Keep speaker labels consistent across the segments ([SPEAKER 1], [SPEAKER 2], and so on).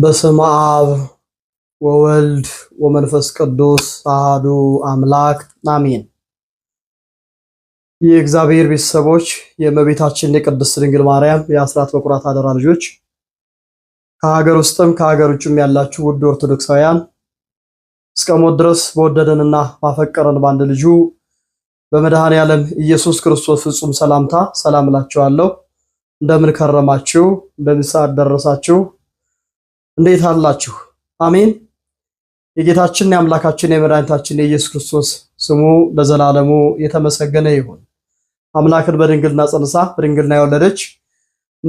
[SPEAKER 1] በስመ አብ ወወልድ ወመንፈስ ቅዱስ አሐዱ አምላክ አሜን። የእግዚአብሔር ቤተሰቦች የእመቤታችን የቅድስት ድንግል ማርያም የአስራት በኩራት አደራ ልጆች ከሀገር ውስጥም ከሀገር ውጭም ያላችሁ ውድ ኦርቶዶክሳውያን እስከ ሞት ድረስ በወደደንና ባፈቀረን በአንድ ልጁ በመድኃኔ ዓለም ኢየሱስ ክርስቶስ ፍጹም ሰላምታ ሰላም እላችኋለሁ። እንደምን ከረማችሁ? እንደምን ሰዓት ደረሳችሁ? እንዴት አላችሁ? አሜን። የጌታችን የአምላካችን የመድኃኒታችን የኢየሱስ ክርስቶስ ስሙ ለዘላለሙ የተመሰገነ ይሁን። አምላክን በድንግልና ጸንሳ በድንግልና የወለደች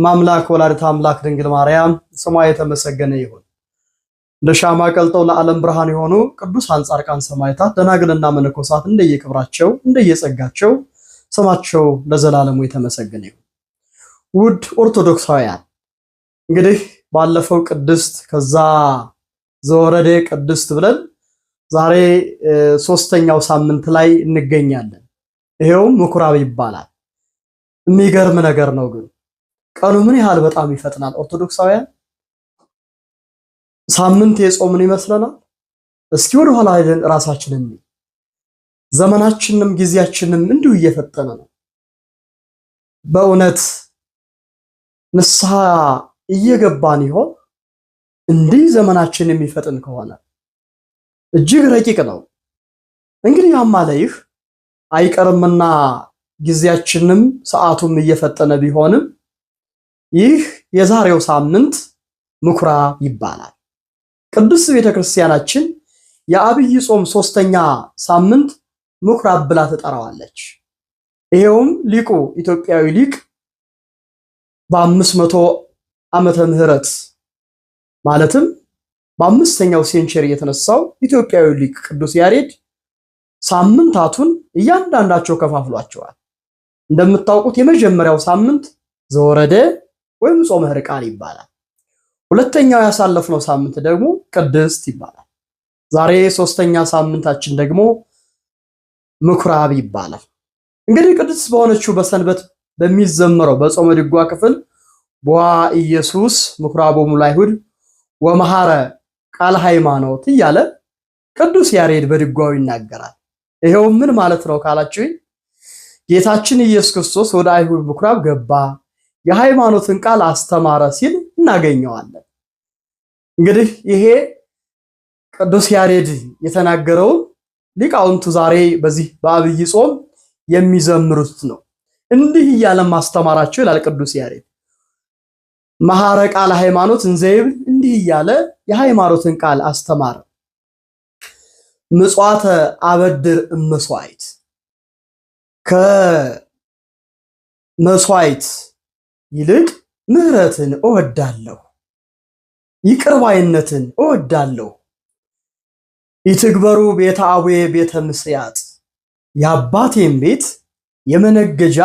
[SPEAKER 1] ማምላክ ወላዲተ አምላክ ድንግል ማርያም ስሟ የተመሰገነ ይሁን። እንደ ሻማ ቀልጠው ለዓለም ብርሃን የሆኑ ቅዱሳን ጻድቃን ሰማዕታት፣ ደናግልና መነኮሳት እንደየክብራቸው እንደየጸጋቸው ስማቸው ለዘላለሙ የተመሰገነ ይሁን። ውድ ኦርቶዶክሳውያን እንግዲህ ባለፈው ቅድስት ከዛ ዘወረደ ቅድስት ብለን ዛሬ ሶስተኛው ሳምንት ላይ እንገኛለን። ይሄውም ምኩራብ ይባላል። የሚገርም ነገር ነው ግን ቀኑ ምን ያህል በጣም ይፈጥናል። ኦርቶዶክሳውያን ሳምንት የጾምን ይመስለናል። እስኪ ወደ ኋላ ሄደን ራሳችንን ዘመናችንም ጊዜያችንም እንዲሁ እየፈጠነ ነው። በእውነት ንስሐ እየገባን ይሆን? እንዲህ ዘመናችን የሚፈጥን ከሆነ እጅግ ረቂቅ ነው። እንግዲህ አማላይህ አይቀርምና ጊዜያችንም ሰዓቱም እየፈጠነ ቢሆንም ይህ የዛሬው ሳምንት ምኩራ ይባላል። ቅዱስ ቤተ ክርስቲያናችን የአብይ ጾም ሶስተኛ ሳምንት ምኩራብ ብላ ትጠራዋለች። ይሄውም ሊቁ ኢትዮጵያዊ ሊቅ በአምስት መቶ ዓመተ ምህረት ማለትም በአምስተኛው ሴንቸሪ የተነሳው ኢትዮጵያዊ ሊቅ ቅዱስ ያሬድ ሳምንታቱን እያንዳንዳቸው ከፋፍሏቸዋል። እንደምታውቁት የመጀመሪያው ሳምንት ዘወረደ ወይም ጾመ ሕርቃል ይባላል። ሁለተኛው ያሳለፍነው ሳምንት ደግሞ ቅድስት ይባላል። ዛሬ ሶስተኛ ሳምንታችን ደግሞ ምኩራብ ይባላል። እንግዲህ ቅድስት በሆነችው በሰንበት በሚዘመረው በጾመ ድጓ ክፍል ቦአ ኢየሱስ ምኩራቦሙ ላይሁድ ወመሐረ ቃል ሃይማኖት እያለ ቅዱስ ያሬድ በድጓው ይናገራል። ይሄው ምን ማለት ነው ካላችሁኝ ጌታችን ኢየሱስ ክርስቶስ ወደ አይሁድ ምኩራብ ገባ፣ የሃይማኖትን ቃል አስተማረ ሲል እናገኘዋለን። እንግዲህ ይሄ ቅዱስ ያሬድ የተናገረውን ሊቃውንቱ ዛሬ በዚህ በአብይ ጾም የሚዘምሩት ነው። እንዲህ እያለም ማስተማራቸው ይላል ቅዱስ ያሬድ መሐረ ቃል ሃይማኖት እንዘይብል እንዲህ እያለ የሃይማኖትን ቃል አስተማረ። ምጽዋተ አበድር እመስዋዕት ከመስዋዕት ይልቅ ምሕረትን እወዳለሁ፣ ይቅርባይነትን እወዳለሁ። ይትግበሩ ቤተ አቡዬ ቤተ ምስያጥ የአባቴም ቤት የመነገጃ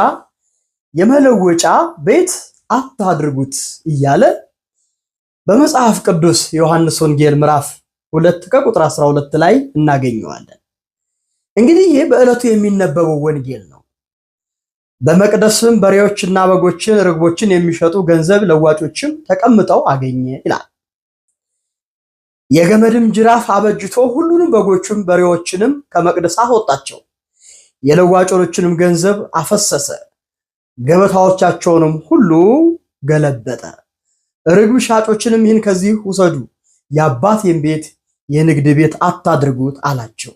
[SPEAKER 1] የመለወጫ ቤት አታድርጉት እያለ በመጽሐፍ ቅዱስ ዮሐንስ ወንጌል ምዕራፍ ሁለት ከቁጥር 12 ላይ እናገኘዋለን። እንግዲህ ይህ በዕለቱ የሚነበበው ወንጌል ነው። በመቅደስም በሬዎችና በጎችን ርግቦችን የሚሸጡ ገንዘብ ለዋጮችም ተቀምጠው አገኘ ይላል። የገመድም ጅራፍ አበጅቶ ሁሉንም በጎቹን በሬዎችንም ከመቅደስ አወጣቸው፣ የለዋጮችንም ገንዘብ አፈሰሰ። ገበታዎቻቸውንም ሁሉ ገለበጠ። ርግብ ሻጮችንም ይህን ከዚህ ውሰዱ፣ የአባቴን ቤት የንግድ ቤት አታድርጉት አላቸው።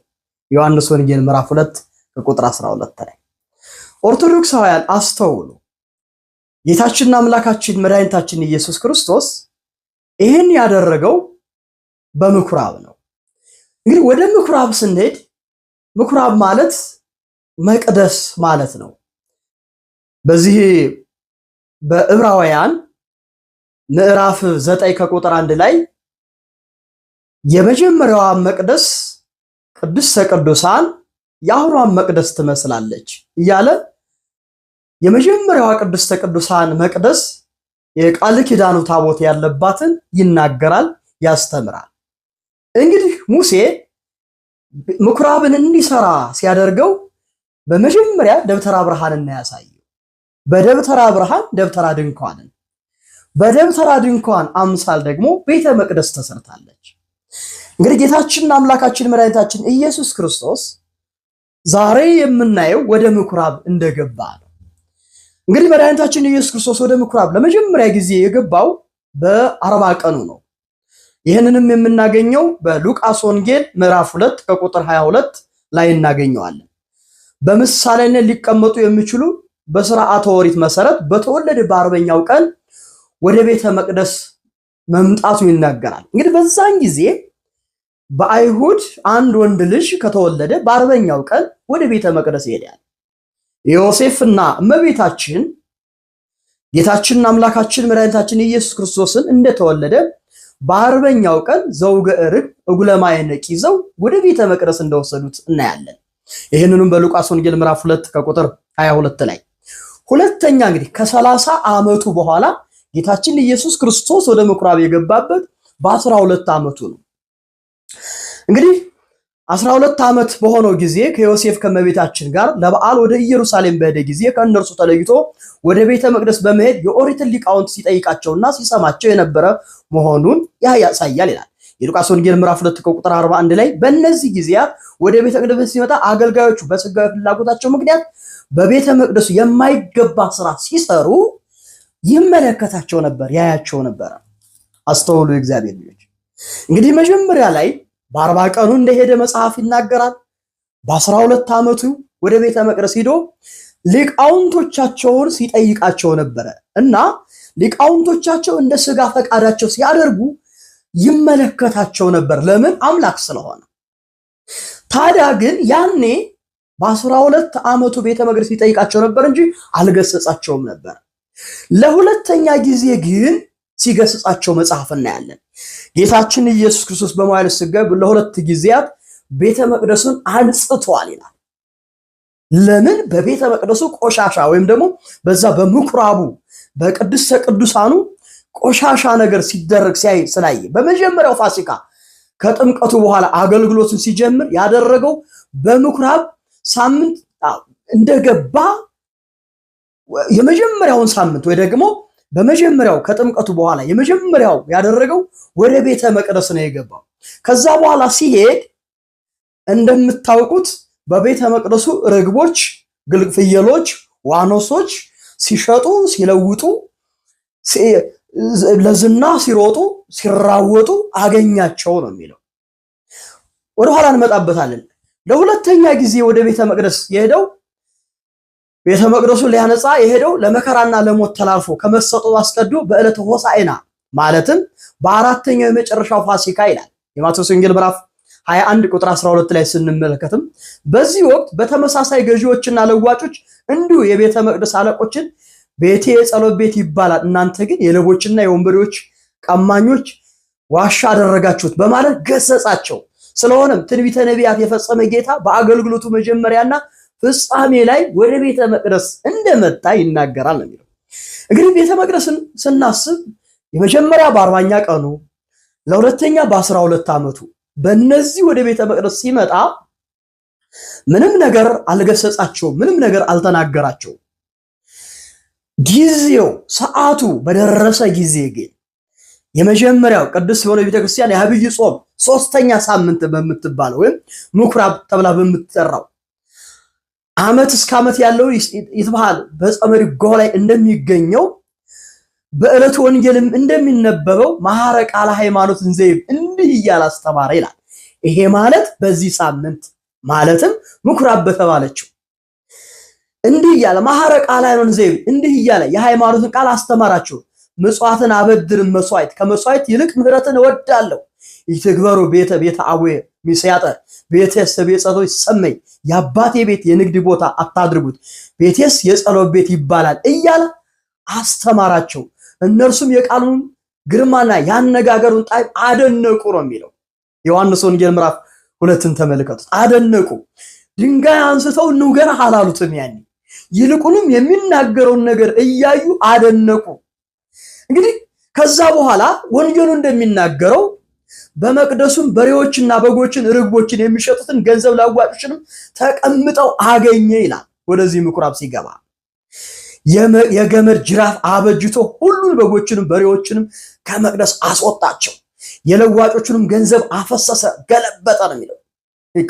[SPEAKER 1] ዮሐንስ ወንጌል ምዕራፍ 2 ከቁጥር 12 ላይ ኦርቶዶክሳውያን አስተውሉ። ጌታችንና አምላካችን መድኃኒታችን ኢየሱስ ክርስቶስ ይህን ያደረገው በምኩራብ ነው። እንግዲህ ወደ ምኩራብ ስንሄድ ምኩራብ ማለት መቅደስ ማለት ነው። በዚህ በዕብራውያን ምዕራፍ ዘጠኝ ከቁጥር አንድ ላይ የመጀመሪያዋ መቅደስ ቅድስተ ቅዱሳን የአሁኗን መቅደስ ትመስላለች እያለ የመጀመሪያዋ ቅድስተ ቅዱሳን መቅደስ የቃል ኪዳኑ ታቦት ያለባትን ይናገራል፣ ያስተምራል። እንግዲህ ሙሴ ምኩራብን እንዲሰራ ሲያደርገው በመጀመሪያ ደብተራ ብርሃንን ያሳየው በደብተራ ብርሃን ደብተራ ድንኳንን በደብተራ ድንኳን አምሳል ደግሞ ቤተ መቅደስ ተሰርታለች። እንግዲህ ጌታችንና አምላካችን መድኃኒታችን ኢየሱስ ክርስቶስ ዛሬ የምናየው ወደ ምኩራብ እንደገባ ነው። እንግዲህ መድኃኒታችን ኢየሱስ ክርስቶስ ወደ ምኩራብ ለመጀመሪያ ጊዜ የገባው በአርባ ቀኑ ነው። ይህንንም የምናገኘው በሉቃስ ወንጌል ምዕራፍ 2 ከቁጥር 22 ላይ እናገኘዋለን። በምሳሌነት ሊቀመጡ የሚችሉ በስርዓተ ኦሪት መሰረት በተወለደ በአርበኛው ቀን ወደ ቤተ መቅደስ መምጣቱ ይናገራል። እንግዲህ በዛን ጊዜ በአይሁድ አንድ ወንድ ልጅ ከተወለደ በአርበኛው ቀን ወደ ቤተ መቅደስ ይሄዳል። ዮሴፍና እመቤታችን ጌታችንና አምላካችን መድኃኒታችን ኢየሱስ ክርስቶስን እንደተወለደ በአርበኛው ቀን ዘውገ ርግብ እጉለማይነቅ ይዘው ወደ ቤተ መቅደስ እንደወሰዱት እናያለን። ይህንንም በሉቃስ ወንጌል ምዕራፍ 2 ከቁጥር 22 ላይ ሁለተኛ እንግዲህ ከሰላሳ ዓመቱ በኋላ ጌታችን ኢየሱስ ክርስቶስ ወደ ምኩራብ የገባበት በአስራ ሁለት ዓመቱ ነው። እንግዲህ አስራ ሁለት ዓመት በሆነው ጊዜ ከዮሴፍ ከመቤታችን ጋር ለበዓል ወደ ኢየሩሳሌም በሄደ ጊዜ ከእነርሱ ተለይቶ ወደ ቤተ መቅደስ በመሄድ የኦሪትን ሊቃውንት ሲጠይቃቸውና ሲሰማቸው የነበረ መሆኑን ያህ ያሳያል ይላል የሉቃስ ወንጌል ምዕራፍ 2 ቁጥር 41 ላይ በእነዚህ ጊዜያት ወደ ቤተ መቅደስ ሲመጣ አገልጋዮቹ በስጋዊ ፍላጎታቸው ምክንያት በቤተ መቅደሱ የማይገባ ስራ ሲሰሩ ይመለከታቸው ነበር፣ ያያቸው ነበር። አስተውሉ እግዚአብሔር ልጆች። እንግዲህ መጀመሪያ ላይ በአርባ ቀኑ እንደሄደ መጽሐፍ ይናገራል። በአስራ ሁለት ዓመቱ ወደ ቤተ መቅደስ ሂዶ ሊቃውንቶቻቸውን ሲጠይቃቸው ነበረ እና ሊቃውንቶቻቸው እንደ ስጋ ፈቃዳቸው ሲያደርጉ ይመለከታቸው ነበር። ለምን? አምላክ ስለሆነ። ታዲያ ግን ያኔ በአስራ ሁለት ዓመቱ ቤተ መቅደስ ይጠይቃቸው ነበር እንጂ አልገሰጻቸውም ነበር። ለሁለተኛ ጊዜ ግን ሲገስጻቸው መጽሐፍ እናያለን። ጌታችን ኢየሱስ ክርስቶስ በመዋዕለ ሥጋዌ ለሁለት ጊዜያት ቤተ መቅደሱን አንጽቷል ይላል። ለምን? በቤተ መቅደሱ ቆሻሻ ወይም ደግሞ በዛ በምኩራቡ በቅድስተ ቅዱሳኑ ቆሻሻ ነገር ሲደረግ ሲያይ ስላየ በመጀመሪያው ፋሲካ ከጥምቀቱ በኋላ አገልግሎትን ሲጀምር ያደረገው በምኩራብ ሳምንት እንደገባ የመጀመሪያውን ሳምንት ወይ ደግሞ በመጀመሪያው ከጥምቀቱ በኋላ የመጀመሪያው ያደረገው ወደ ቤተ መቅደስ ነው የገባው። ከዛ በኋላ ሲሄድ እንደምታውቁት በቤተ መቅደሱ ርግቦች፣ ግልፍየሎች ዋኖሶች ሲሸጡ ሲለውጡ ለዝና ሲሮጡ ሲራወጡ አገኛቸው ነው የሚለው። ወደኋላ እንመጣበታለን። ለሁለተኛ ጊዜ ወደ ቤተ መቅደስ የሄደው ቤተ መቅደሱ ሊያነጻ የሄደው ለመከራና ለሞት ተላልፎ ከመሰጠቱ አስቀድሞ በዕለተ ሆሳዕና ማለትም በአራተኛው የመጨረሻው ፋሲካ ይላል የማቴዎስ ወንጌል ምዕራፍ 21 ቁጥር 12 ላይ ስንመለከትም በዚህ ወቅት በተመሳሳይ ገዢዎችና ለዋጮች እንዲሁ የቤተ መቅደስ አለቆችን ቤቴ የጸሎት ቤት ይባላል፣ እናንተ ግን የሌቦችና የወንበዴዎች ቀማኞች ዋሻ አደረጋችሁት በማለት ገሰጻቸው። ስለሆነም ትንቢተ ነቢያት የፈጸመ ጌታ በአገልግሎቱ መጀመሪያና ፍጻሜ ላይ ወደ ቤተ መቅደስ እንደመጣ ይናገራል ነው የሚለው። እንግዲህ ቤተ መቅደስን ስናስብ የመጀመሪያ በአርባኛ ቀኑ ለሁለተኛ በአስራ ሁለት ዓመቱ በእነዚህ ወደ ቤተ መቅደስ ሲመጣ ምንም ነገር አልገሰጻቸውም፣ ምንም ነገር አልተናገራቸውም። ጊዜው ሰዓቱ በደረሰ ጊዜ ግን የመጀመሪያው ቅዱስ የሆነ ቤተክርስቲያን የአብይ ጾም ሶስተኛ ሳምንት በምትባል ወይም ምኩራብ ተብላ በምትጠራው ዓመት እስከ ዓመት ያለው ይትበሃል በዕፀ መድጎ ላይ እንደሚገኘው በእለቱ ወንጌልም እንደሚነበበው ማኅረ ቃለ ሃይማኖትን ዘይብ እንዲህ እያል አስተማረ ይላል። ይሄ ማለት በዚህ ሳምንት ማለትም ምኩራብ በተባለችው እንዲህ እያለ ማኅረ ቃለ ሃይማኖት ዘይብ እንዲህ እያለ የሃይማኖትን ቃል አስተማራቸው። ምጽዋትን አበድርም መስዋዕት ከመስዋዕት ይልቅ ምህረትን እወዳለሁ። ይትግበሩ ቤተ ቤተ አቡየ ሚስያጠር ቤቴስ ተቤጸቶ ይሰመኝ የአባቴ ቤት የንግድ ቦታ አታድርጉት፣ ቤቴስ የጸሎት ቤት ይባላል እያለ አስተማራቸው። እነርሱም የቃሉን ግርማና ያነጋገሩን ጣይ አደነቁ ነው የሚለው ዮሐንስ ወንጌል ምዕራፍ ሁለትን ተመልከቱት። አደነቁ። ድንጋይ አንስተው ገና አላሉትም ያኔ። ይልቁንም የሚናገረውን ነገር እያዩ አደነቁ። እንግዲህ ከዛ በኋላ ወንጌሉ እንደሚናገረው በመቅደሱም በሬዎችና በጎችን ርግቦችን የሚሸጡትን ገንዘብ ለዋጮችንም ተቀምጠው አገኘ ይላል። ወደዚህ ምኩራብ ሲገባ የገመድ ጅራፍ አበጅቶ ሁሉን በጎችንም በሬዎችንም ከመቅደስ አስወጣቸው፣ የለዋጮቹንም ገንዘብ አፈሰሰ፣ ገለበጠ ነው የሚለው።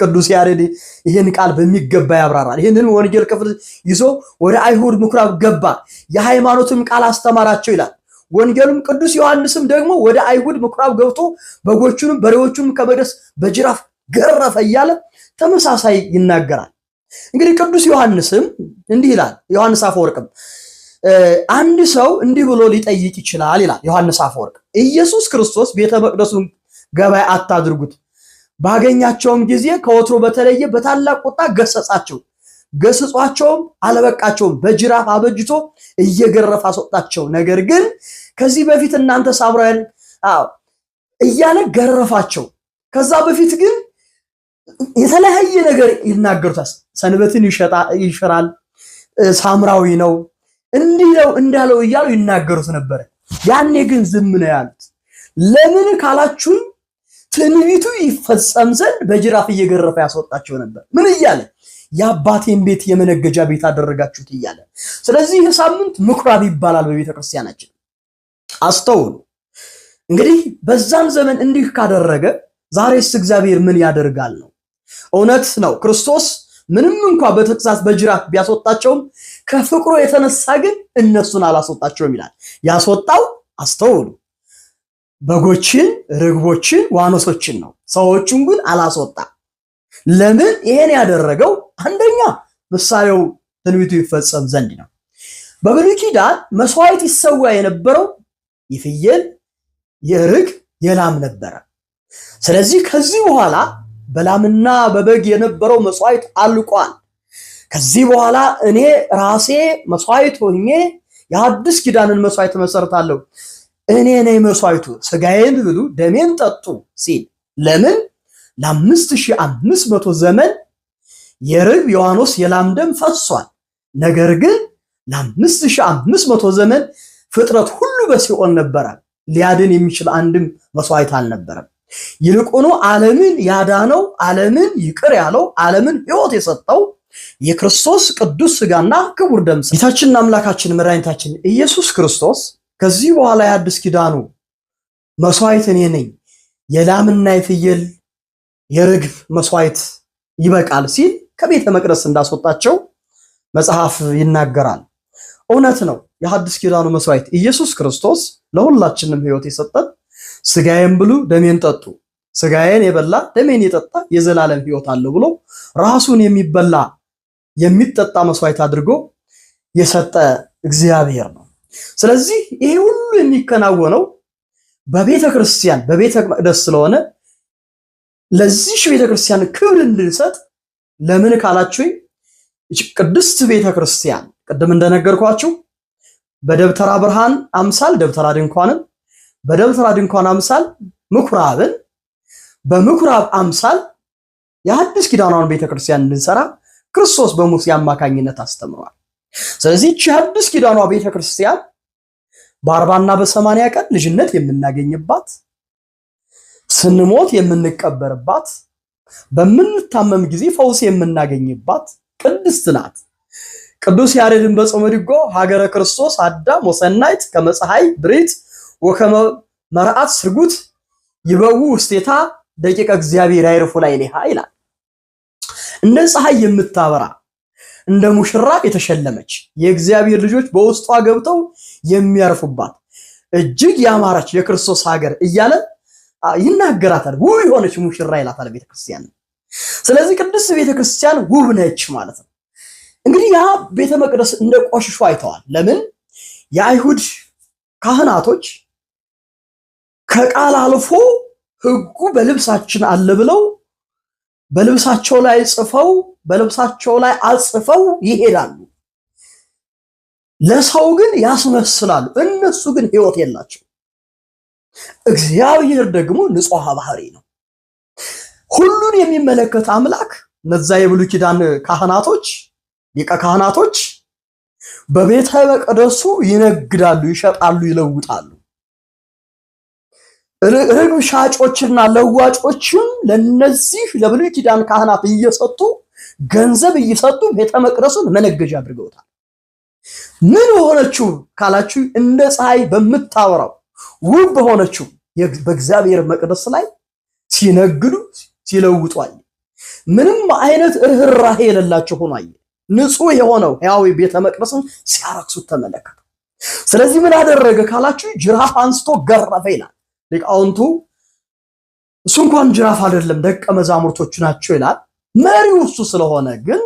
[SPEAKER 1] ቅዱስ ያሬድ ይህን ቃል በሚገባ ያብራራል። ይህንን ወንጌል ክፍል ይዞ ወደ አይሁድ ምኩራብ ገባ፣ የሃይማኖትም ቃል አስተማራቸው ይላል። ወንጌሉም ቅዱስ ዮሐንስም ደግሞ ወደ አይሁድ ምኩራብ ገብቶ በጎቹንም በሬዎቹንም ከመቅደስ በጅራፍ ገረፈ እያለ ተመሳሳይ ይናገራል። እንግዲህ ቅዱስ ዮሐንስም እንዲህ ይላል። ዮሐንስ አፈወርቅም አንድ ሰው እንዲህ ብሎ ሊጠይቅ ይችላል ይላል ዮሐንስ አፈወርቅ። ኢየሱስ ክርስቶስ ቤተ መቅደሱን ገበያ አታድርጉት፣ ባገኛቸውም ጊዜ ከወትሮ በተለየ በታላቅ ቁጣ ገሰጻቸው፣ ገስጿቸውም አለበቃቸውም በጅራፍ አበጅቶ እየገረፈ አስወጣቸው። ነገር ግን ከዚህ በፊት እናንተ ሳምራውያን እያለ ገረፋቸው። ከዛ በፊት ግን የተለያየ ነገር ይናገሩታል። ሰንበትን ይሽራል፣ ሳምራዊ ነው፣ እንዲህ ነው እንዳለው እያሉ ይናገሩት ነበረ። ያኔ ግን ዝም ነው ያሉት። ለምን ካላችሁን ትንቢቱ ይፈጸም ዘንድ በጅራፍ እየገረፈ ያስወጣቸው ነበር። ምን እያለ የአባቴን ቤት የመነገጃ ቤት አደረጋችሁት እያለ ስለዚህ ይህ ሳምንት ምኩራብ ይባላል በቤተ ክርስቲያናችን። አስተውሉ እንግዲህ በዛን ዘመን እንዲህ ካደረገ ዛሬስ እግዚአብሔር ምን ያደርጋል ነው። እውነት ነው ክርስቶስ ምንም እንኳ በተግሳጽ በጅራፍ ቢያስወጣቸውም ከፍቅሩ የተነሳ ግን እነሱን አላስወጣቸውም ይላል። ያስወጣው አስተውሉ በጎችን፣ ርግቦችን፣ ዋኖሶችን ነው። ሰዎቹን ግን አላስወጣም። ለምን ይሄን ያደረገው? አንደኛ ምሳሌው ትንቢቱ ይፈጸም ዘንድ ነው። በብሉይ ኪዳን መስዋዕት ይሰዋ የነበረው የፍየል፣ የርግ፣ የላም ነበረ። ስለዚህ ከዚህ በኋላ በላምና በበግ የነበረው መስዋዕት አልቋል። ከዚህ በኋላ እኔ ራሴ መስዋዕት ሆኜ የአዲስ ኪዳንን መስዋዕት መሰረታለሁ። እኔ ነኝ መስዋዕቱ፣ ስጋዬን ብሉ፣ ደሜን ጠጡ ሲል ለምን ለ 5500 ዘመን የርብ ዮሐንስ የላም ደም ፈሷል። ነገር ግን ለ 5500 ዘመን ፍጥረት ሁሉ በሲኦል ነበረ። ሊያድን የሚችል አንድም መስዋዕት አልነበረም። ይልቁኑ ዓለምን ያዳነው ዓለምን ይቅር ያለው ዓለምን ሕይወት የሰጠው የክርስቶስ ቅዱስ ስጋና ክቡር ደም ጌታችንና አምላካችን መድኃኒታችን ኢየሱስ ክርስቶስ ከዚህ በኋላ የአዲስ ኪዳኑ መስዋዕት እኔ ነኝ የላምና የፍየል የርግብ መስዋዕት ይበቃል ሲል ከቤተ መቅደስ እንዳስወጣቸው መጽሐፍ ይናገራል። እውነት ነው። የሐዲስ ኪዳኑ መስዋዕት ኢየሱስ ክርስቶስ ለሁላችንም ሕይወት የሰጠን ስጋዬን ብሉ ደሜን ጠጡ፣ ስጋዬን የበላ ደሜን የጠጣ የዘላለም ሕይወት አለው ብሎ ራሱን የሚበላ የሚጠጣ መስዋዕት አድርጎ የሰጠ እግዚአብሔር ነው። ስለዚህ ይሄ ሁሉ የሚከናወነው በቤተ ክርስቲያን በቤተ መቅደስ ስለሆነ ለዚች ቤተክርስቲያን ክብር እንድንሰጥ ለምን ካላችሁኝ ቅድስት ቤተክርስቲያን ቅድም እንደነገርኳችሁ በደብተራ ብርሃን አምሳል ደብተራ ድንኳንን በደብተራ ድንኳን አምሳል ምኩራብን በምኩራብ አምሳል የአዲስ ኪዳኗን ቤተክርስቲያን እንድንሰራ ክርስቶስ በሙሴ አማካኝነት አስተምሯል። ስለዚህ ይቺ የአዲስ ኪዳኗ ቤተክርስቲያን በአርባና በሰማንያ ቀን ልጅነት የምናገኝባት ስንሞት የምንቀበርባት፣ በምንታመም ጊዜ ፈውስ የምናገኝባት ቅድስት ናት። ቅዱስ ያሬድን በጾመ ድጓ ሀገረ ክርስቶስ አዳም ወሰናይት ከመፀሐይ ብሬት ወከመ መርዓት ስርጉት ይበው ውስቴታ ደቂቀ እግዚአብሔር አይርፉ ላይ ሊሃ ይላል። እንደ ፀሐይ የምታበራ እንደ ሙሽራ የተሸለመች የእግዚአብሔር ልጆች በውስጧ ገብተው የሚያርፉባት እጅግ ያማረች የክርስቶስ ሀገር እያለ ይናገራታል። ውብ የሆነች ሙሽራ ይላታል ቤተክርስቲያን። ስለዚህ ቅድስት ቤተክርስቲያን ውብ ነች ማለት ነው። እንግዲህ ያ ቤተ መቅደስ እንደ ቆሽሾ አይተዋል። ለምን የአይሁድ ካህናቶች ከቃል አልፎ ሕጉ በልብሳችን አለ ብለው በልብሳቸው ላይ ጽፈው በልብሳቸው ላይ አጽፈው ይሄዳሉ። ለሰው ግን ያስመስላሉ። እነሱ ግን ሕይወት የላቸው እግዚአብሔር ደግሞ ንጹሐ ባህሪ ነው። ሁሉን የሚመለከት አምላክ እነዛ የብሉይ ኪዳን ካህናቶች ሊቀ ካህናቶች በቤተ መቅደሱ ይነግዳሉ፣ ይሸጣሉ፣ ይለውጣሉ። ርግብ ሻጮችና ለዋጮችም ለነዚህ ለብሉይ ኪዳን ካህናት እየሰጡ ገንዘብ እየሰጡ ቤተ መቅደሱን መነገጃ አድርገውታል። ምን ሆነችው ካላችሁ እንደ ፀሐይ በምታወራው ውብ በሆነችው በእግዚአብሔር መቅደስ ላይ ሲነግዱ ሲለውጡ አየ። ምንም አይነት እርህራሄ የሌላቸው ሆኖ አየ። ንጹህ የሆነው ሕያዊ ቤተ መቅደስን ሲያረክሱት ተመለከተ። ስለዚህ ምን አደረገ ካላችሁ ጅራፍ አንስቶ ገረፈ ይላል ሊቃውንቱ። እሱ እንኳን ጅራፍ አይደለም ደቀ መዛሙርቶቹ ናቸው ይላል። መሪው እሱ ስለሆነ ግን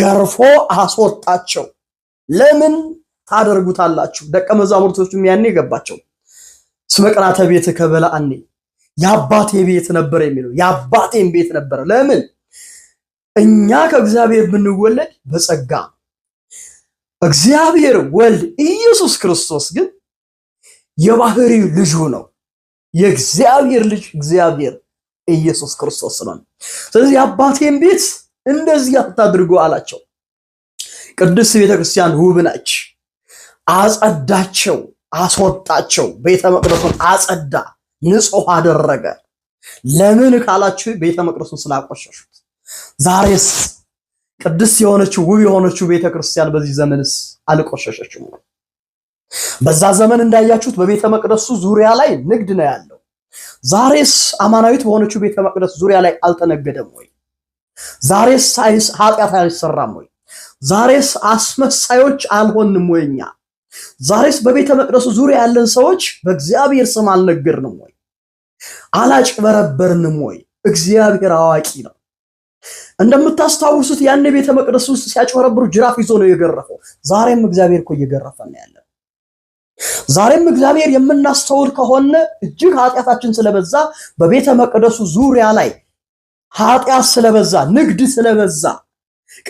[SPEAKER 1] ገርፎ አስወጣቸው። ለምን ታደርጉታላችሁ? ደቀ መዛሙርቶቹም ያኔ ገባቸው። ስመቅራተ ቤት ከበላአኒ የአባቴ ቤት ነበር የሚለው የአባቴም ቤት ነበር ለምን እኛ ከእግዚአብሔር ብንወለድ በጸጋ እግዚአብሔር ወልድ ኢየሱስ ክርስቶስ ግን የባህሪ ልጁ ነው። የእግዚአብሔር ልጅ እግዚአብሔር ኢየሱስ ክርስቶስ ነው። ስለዚህ የአባቴም ቤት እንደዚህ አታድርጉ አላቸው። ቅድስት ቤተክርስቲያን ውብ ናች፣ አጸዳቸው አስወጣቸው። ቤተ መቅደሱን አጸዳ፣ ንጹህ አደረገ። ለምን ካላችሁ ቤተ መቅደሱን ስላቆሸሹት። ዛሬስ ቅድስት የሆነችው ውብ የሆነችው ቤተ ክርስቲያን በዚህ ዘመንስ አልቆሸሸችም? በዛ ዘመን እንዳያችሁት በቤተ መቅደሱ ዙሪያ ላይ ንግድ ነው ያለው። ዛሬስ አማናዊት በሆነችው ቤተ መቅደስ ዙሪያ ላይ አልተነገደም ወይ? ዛሬስ ኃጢአት አይሰራም ወይ? ዛሬስ አስመሳዮች አልሆንም ወይ እኛ? ዛሬስ በቤተ መቅደሱ ዙሪያ ያለን ሰዎች በእግዚአብሔር ስም አልነገርንም ወይ? አላጭበረበርንም ወይ? እግዚአብሔር አዋቂ ነው። እንደምታስታውሱት ያን ቤተ መቅደስ ውስጥ ሲያጭበረብሩ ጅራፍ ይዞ ነው የገረፈው። ዛሬም እግዚአብሔር እኮ ነው ያለን። ዛሬም እግዚአብሔር የምናስተውል ከሆነ እጅግ ኃጢአታችን ስለበዛ በቤተ መቅደሱ ዙሪያ ላይ ኃጢአት ስለበዛ፣ ንግድ ስለበዛ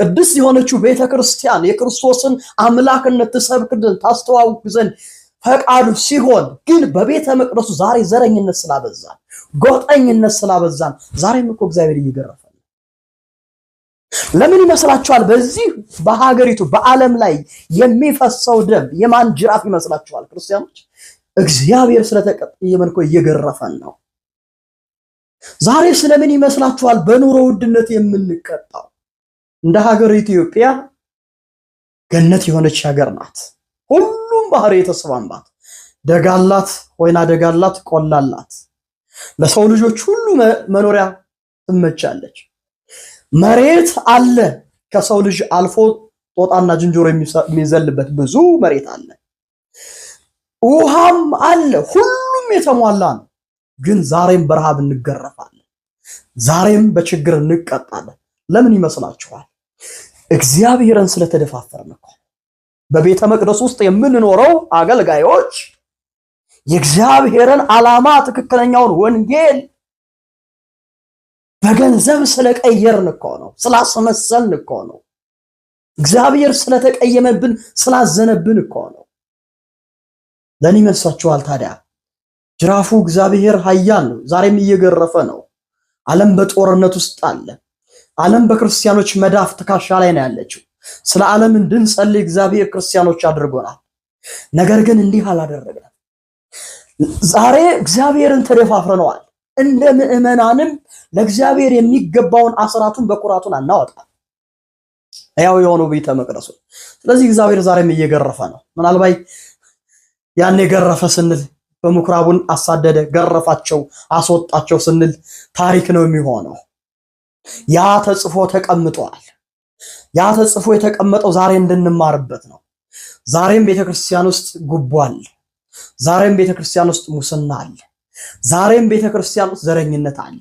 [SPEAKER 1] ቅዱስ የሆነችው ቤተ ክርስቲያን የክርስቶስን አምላክነት ትሰብክ ታስተዋውቅ ዘንድ ፈቃዱ ሲሆን ግን በቤተ መቅደሱ ዛሬ ዘረኝነት ስላበዛን፣ ጎጠኝነት ስላበዛን ዛሬም እኮ እግዚአብሔር እየገረፈ ለምን ይመስላችኋል? በዚህ በሀገሪቱ በዓለም ላይ የሚፈሰው ደም የማን ጅራፍ ይመስላችኋል? ክርስቲያኖች እግዚአብሔር ስለተቀየመን እኮ እየገረፈን ነው። ዛሬ ስለምን ይመስላችኋል? በኑሮ ውድነት የምንቀጣው እንደ ሀገር ኢትዮጵያ ገነት የሆነች ሀገር ናት። ሁሉም ባህር የተስማማት ደጋላት፣ ወይና ደጋላት፣ ቆላላት ለሰው ልጆች ሁሉ መኖሪያ ትመቻለች። መሬት አለ ከሰው ልጅ አልፎ ጦጣና ዝንጀሮ የሚዘልበት ብዙ መሬት አለ። ውሃም አለ። ሁሉም የተሟላ ነው። ግን ዛሬም በረሃብ እንገረፋለን። ዛሬም በችግር እንቀጣለን። ለምን ይመስላችኋል? እግዚአብሔርን ስለተደፋፈርን እኮ በቤተ መቅደስ ውስጥ የምንኖረው አገልጋዮች የእግዚአብሔርን ዓላማ ትክክለኛውን ወንጌል በገንዘብ ስለቀየርን እኮ ነው፣ ስላስመሰልን እኮ ነው። እግዚአብሔር ስለተቀየመብን ስላዘነብን እኮ ነው። ለኔ ይመስላችኋል ታዲያ? ጅራፉ እግዚአብሔር ኃያል ነው። ዛሬም እየገረፈ ነው። ዓለም በጦርነት ውስጥ አለ። ዓለም በክርስቲያኖች መዳፍ ትከሻ ላይ ነው ያለችው። ስለ ዓለም እንድንጸልይ እግዚአብሔር ክርስቲያኖች አድርጎናል። ነገር ግን እንዲህ አላደረግንም። ዛሬ እግዚአብሔርን ተደፋፍረነዋል። እንደ ምዕመናንም ለእግዚአብሔር የሚገባውን አስራቱን በኩራቱን አናወጣም። ያው የሆነው ቤተ መቅደሱ። ስለዚህ እግዚአብሔር ዛሬም እየገረፈ ነው። ምናልባት ያን የገረፈ ስንል በምኩራቡን አሳደደ፣ ገረፋቸው፣ አስወጣቸው ስንል ታሪክ ነው የሚሆነው። ያ ተጽፎ ተቀምጧል። ያ ተጽፎ የተቀመጠው ዛሬ እንድንማርበት ነው። ዛሬም ቤተክርስቲያን ውስጥ ጉቦ አለ። ዛሬም ቤተክርስቲያን ውስጥ ሙስና አለ። ዛሬም ቤተክርስቲያን ውስጥ ዘረኝነት አለ።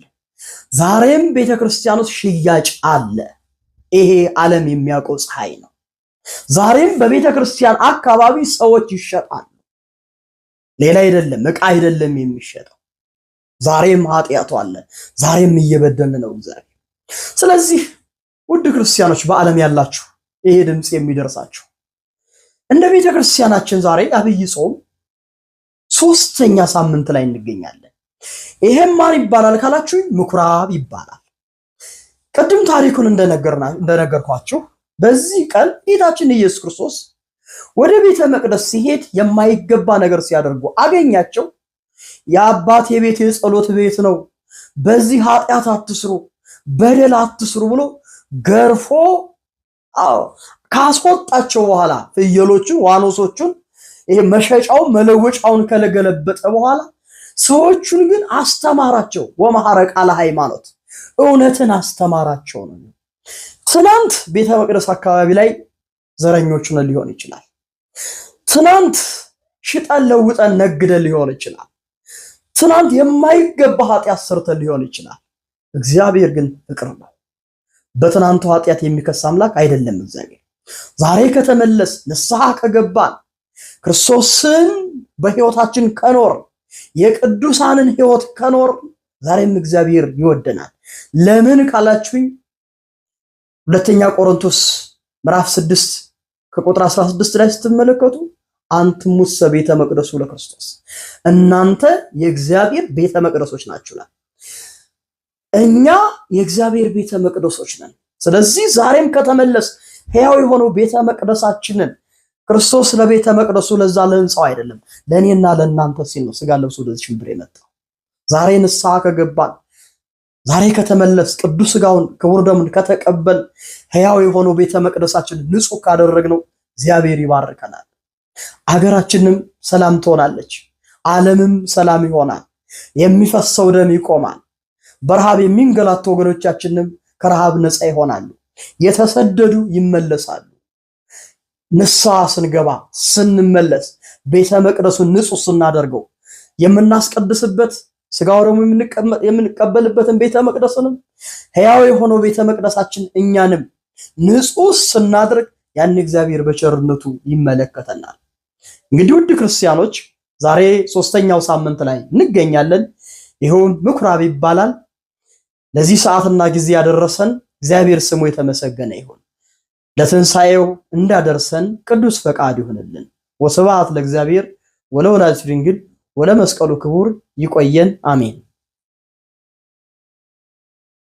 [SPEAKER 1] ዛሬም ቤተክርስቲያን ውስጥ ሽያጭ አለ። ይሄ ዓለም የሚያውቀው ፀሐይ ነው። ዛሬም በቤተ ክርስቲያን አካባቢ ሰዎች ይሸጣሉ። ሌላ አይደለም፣ ዕቃ አይደለም የሚሸጠው። ዛሬም ኃጢአቱ አለ። ዛሬም እየበደልን ነው እግዚአብሔር ስለዚህ ውድ ክርስቲያኖች፣ በዓለም ያላችሁ ይሄ ድምፅ የሚደርሳችሁ እንደ ቤተ ክርስቲያናችን ዛሬ አብይ ጾም ሶስተኛ ሳምንት ላይ እንገኛለን። ይሄም ማን ይባላል ካላችሁ ምኩራብ ይባላል። ቅድም ታሪኩን እንደነገርኳችሁ በዚህ ቀን ጌታችን ኢየሱስ ክርስቶስ ወደ ቤተ መቅደስ ሲሄድ የማይገባ ነገር ሲያደርጉ አገኛቸው። የአባት የቤት የጸሎት ቤት ነው፣ በዚህ ኃጢአት አትስሩ፣ በደል አትስሩ ብሎ ገርፎ ካስወጣቸው በኋላ ፍየሎቹን፣ ዋኖሶቹን ይሄ መሸጫውን መለወጫውን ከለገለበጠ በኋላ ሰዎቹን ግን አስተማራቸው። ወመሐረ ቃለ ሃይማኖት እውነትን አስተማራቸው ነው። ትናንት ቤተ መቅደስ አካባቢ ላይ ዘረኞች ሊሆን ይችላል። ትናንት ሽጠን ለውጠን ነግደን ሊሆን ይችላል። ትናንት የማይገባ ኃጢአት ሰርተን ሊሆን ይችላል። እግዚአብሔር ግን ፍቅር ነው። በትናንቱ ኃጢአት የሚከስ አምላክ አይደለም። እግዚአብሔር ዛሬ ከተመለስ ንስሐ ከገባን ክርስቶስን በሕይወታችን ከኖር የቅዱሳንን ሕይወት ከኖር ዛሬም እግዚአብሔር ይወደናል። ለምን ካላችሁኝ ሁለተኛ ቆሮንቶስ ምዕራፍ 6 ከቁጥር 16 ላይ ስትመለከቱ አንትሙሰ ቤተ መቅደሱ ለክርስቶስ እናንተ የእግዚአብሔር ቤተ መቅደሶች ናችሁላል። እኛ የእግዚአብሔር ቤተ መቅደሶች ነን። ስለዚህ ዛሬም ከተመለስ ሕያው የሆነው ቤተ መቅደሳችንን ክርስቶስ ለቤተ መቅደሱ ለዛ ለህንፃው አይደለም ለእኔና ለእናንተ ሲል ነው ስጋ ለብሶ ወደዚህ ምድር የመጣው። ዛሬ ንስሐ ከገባን፣ ዛሬ ከተመለስ፣ ቅዱስ ስጋውን ክቡር ደሙን ከተቀበል፣ ሕያው የሆነው ቤተ መቅደሳችንን ንጹሕ ካደረግነው እግዚአብሔር ይባርከናል። አገራችንም ሰላም ትሆናለች። ዓለምም ሰላም ይሆናል። የሚፈሰው ደም ይቆማል። በረሃብ የሚንገላቱ ወገኖቻችንም ከረሃብ ነፃ ይሆናሉ። የተሰደዱ ይመለሳሉ። ንስሐ ስንገባ ስንመለስ፣ ቤተ መቅደሱን ንጹህ ስናደርገው የምናስቀድስበት ስጋ ደግሞ የምንቀበልበትን ቤተ መቅደስንም ሕያው የሆነው ቤተ መቅደሳችን እኛንም ንጹህ ስናደርግ ያን እግዚአብሔር በቸርነቱ ይመለከተናል። እንግዲህ ውድ ክርስቲያኖች ዛሬ ሶስተኛው ሳምንት ላይ እንገኛለን። ይኸውም ምኩራብ ይባላል። ለዚህ ሰዓትና ጊዜ ያደረሰን እግዚአብሔር ስሙ የተመሰገነ ይሁን። ለትንሣኤው እንዳደርሰን ቅዱስ ፈቃድ ይሁንልን። ወስብሐት ለእግዚአብሔር ወለወላዲቱ ድንግል ወለመስቀሉ ክቡር። ይቆየን። አሜን።